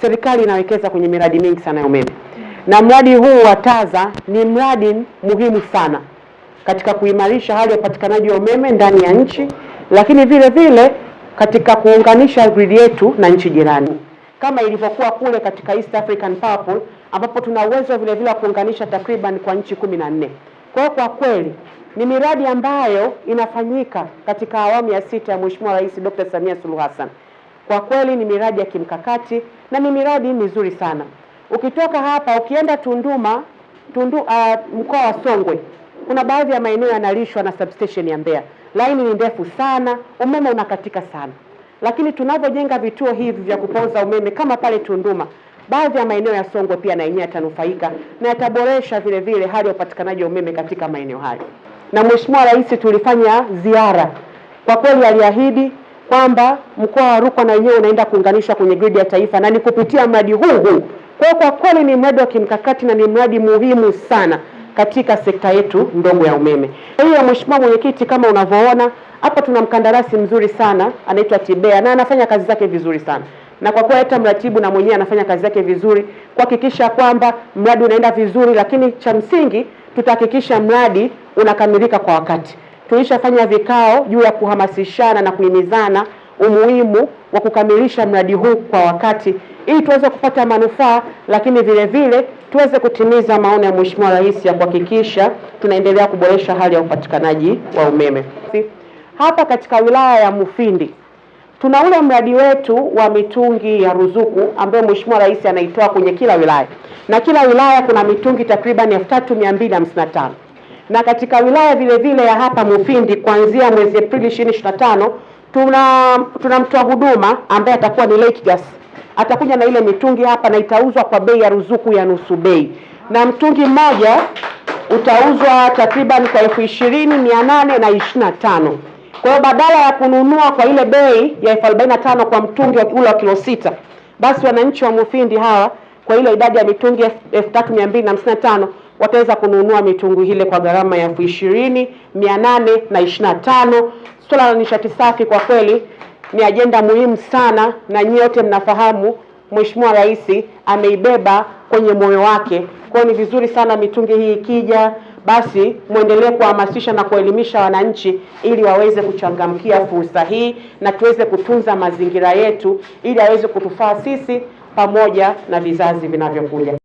serikali inawekeza kwenye miradi mingi sana ya umeme na mradi huu wa TAZA ni mradi muhimu sana katika kuimarisha hali ya upatikanaji wa umeme ndani ya nchi, lakini vile vile katika kuunganisha gridi yetu na nchi jirani kama ilivyokuwa kule katika East African Power Pool, ambapo tuna uwezo vile vile wa kuunganisha takriban kwa nchi kumi na nne. Kwa hiyo kwa kweli ni miradi ambayo inafanyika katika awamu ya sita ya Mheshimiwa Rais Dr. Samia Suluhu Hassan. Kwa kweli ni miradi ya kimkakati na ni miradi mizuri sana. Ukitoka hapa ukienda Tunduma tundu, uh, mkoa wa Songwe kuna baadhi ya maeneo yanalishwa na substation ya Mbeya. Laini ni ndefu sana, umeme unakatika sana, lakini tunavyojenga vituo hivi vya kupoza umeme kama pale Tunduma, baadhi ya maeneo ya Songwe pia na yenyewe yatanufaika na yataboresha vile vile hali ya upatikanaji wa umeme katika maeneo hayo. Na Mheshimiwa Rais tulifanya ziara, kwa kweli aliahidi kwamba mkoa wa Rukwa na wenyewe unaenda kuunganishwa kwenye gridi ya taifa na ni kupitia mradi huu huu. Kwa kwa kweli ni mradi wa kimkakati na ni mradi muhimu sana katika sekta yetu ndogo ya umeme. Kwa hiyo Mheshimiwa Mwenyekiti, kama unavyoona hapa, tuna mkandarasi mzuri sana anaitwa Tibea na anafanya kazi zake vizuri sana na kwa kuwa hata mratibu na mwenyewe anafanya kazi zake vizuri kuhakikisha kwamba mradi unaenda vizuri, lakini cha msingi tutahakikisha mradi unakamilika kwa wakati tulishafanya vikao juu ya kuhamasishana na kuhimizana umuhimu wa kukamilisha mradi huu kwa wakati ili tuweze kupata manufaa, lakini vile vile tuweze kutimiza maono ya Mheshimiwa Rais ya kuhakikisha tunaendelea kuboresha hali ya upatikanaji wa umeme. Hapa katika wilaya ya Mufindi tuna ule mradi wetu wa mitungi ya ruzuku ambayo Mheshimiwa Rais anaitoa kwenye kila wilaya, na kila wilaya kuna mitungi takriban 3255 na katika wilaya vile vile ya hapa Mufindi kuanzia mwezi Aprili 2025 tuna tunamtoa huduma ambaye atakuwa ni Lake Gas, atakuja na ile mitungi hapa na itauzwa kwa bei ya ruzuku ya nusu bei, na mtungi mmoja utauzwa takriban kwa elfu ishirini mia nane na ishirini na tano. Kwa hiyo badala ya kununua kwa ile bei ya elfu arobaini na tano kwa mtungi ule wa kilo sita, basi wananchi wa Mufindi hawa kwa ile idadi ya mitungi elfu tatu mia mbili na hamsini na tano wataweza kununua mitungu ile kwa gharama ya elfu ishirini mia nane na ishirini na tano. la nishati safi kwa kweli ni ajenda muhimu sana, na nyinyi wote mnafahamu Mheshimiwa Rais ameibeba kwenye moyo wake. Kwa ni vizuri sana mitungi hii ikija, basi mwendelee kuhamasisha na kuelimisha wananchi ili waweze kuchangamkia fursa hii na tuweze kutunza mazingira yetu ili aweze kutufaa sisi pamoja na vizazi vinavyokuja.